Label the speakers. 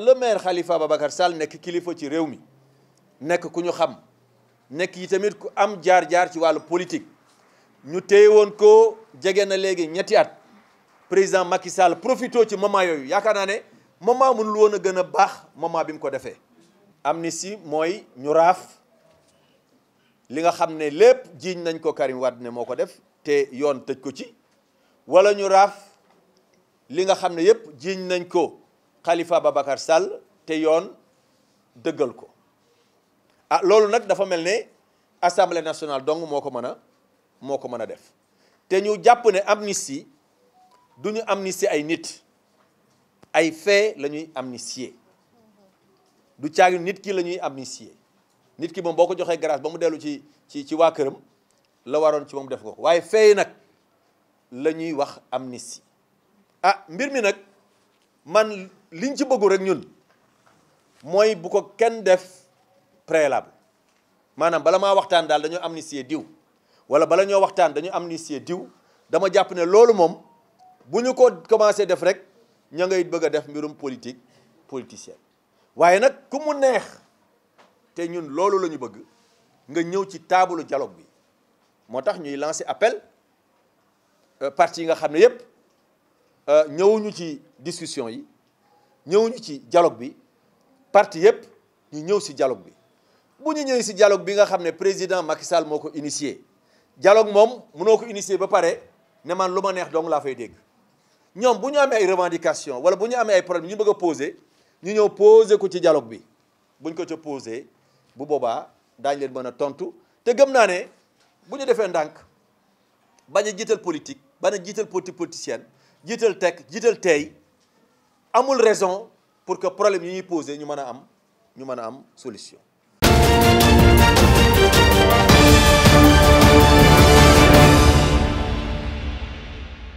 Speaker 1: le maire Khalifa Ababacar Sall nekk kilifa ci réew mi nekk ku ñu xam nekk yi tamit ku am jaar-jaar ci wàllu politique ñu téye woon ko jege na léegi ñetti at président Macky Sall profito ci moment yooyu yaakaar naa ne moment mënul woon a gën a baax moment bi mu ko defee. am si mooy ñu raaf li nga xam ne lépp jiiñ nañ ko Karim Wade ne moo ko def te yoon tëj ko ci wala ñu raaf li nga xam ne yépp jiiñ nañ ko. Khalifa babakarsal Sall te yon deugal ko ah loolu nak dafa mel assemblée nationale donc moko meuna moko a def té ñu japp né amnistie duñu ñu amnistie ay nit ay fait lañuy amnistier du caagi nit ki lañuy amnistier nit ki moom boko ko grâce ba mu ci ci ci la waron ci mom def ko fait nak lañuy wax amnistie ah mbir mi man liñ ci bëggu rek ñun mooy bu ko kenn def préalable maanaam bala maa waxtaan daal dañoo nistier diw wala bala ñoo waxtaan dañu amnistier diw dama jàpp ne loolu moom bu ñu ko commencé def rek ña ngay bëgg a def mbirum politique politicien waaye nag ku mu neex te ñun loolu lañu bëgg nga ñëw ci taabalu dialogue bi moo tax ñuy lancer appel euh, parti yi nga xam ne yépp Euh, ñëwuñu ci discussion yi ñëwuñu ci dialogue bi parti yépp ñu ñëw si dialogue bi bu ñu ñëwee si dialogue bi nga xam ne président Macky Sall moo ko initié dialogue moom mënoo ko initié ba pare ne man lu ma neex dong laa fay dégg ñoom bu ñu amee ay revendication wala bu ñu amee ay problème ñu bëgg a posé ñu ñëw posé ko ci dialogue bi buñ ko ca posé bu boobaa daañ leen mën a tontu te gëm naa ne bu ñu defee ndànk bañ a jiital politique bañ a jiital politique politicienne jiital tekk jiital tay amul raison pour que problème yi ñuy poser ñu mën am ñu mën am solution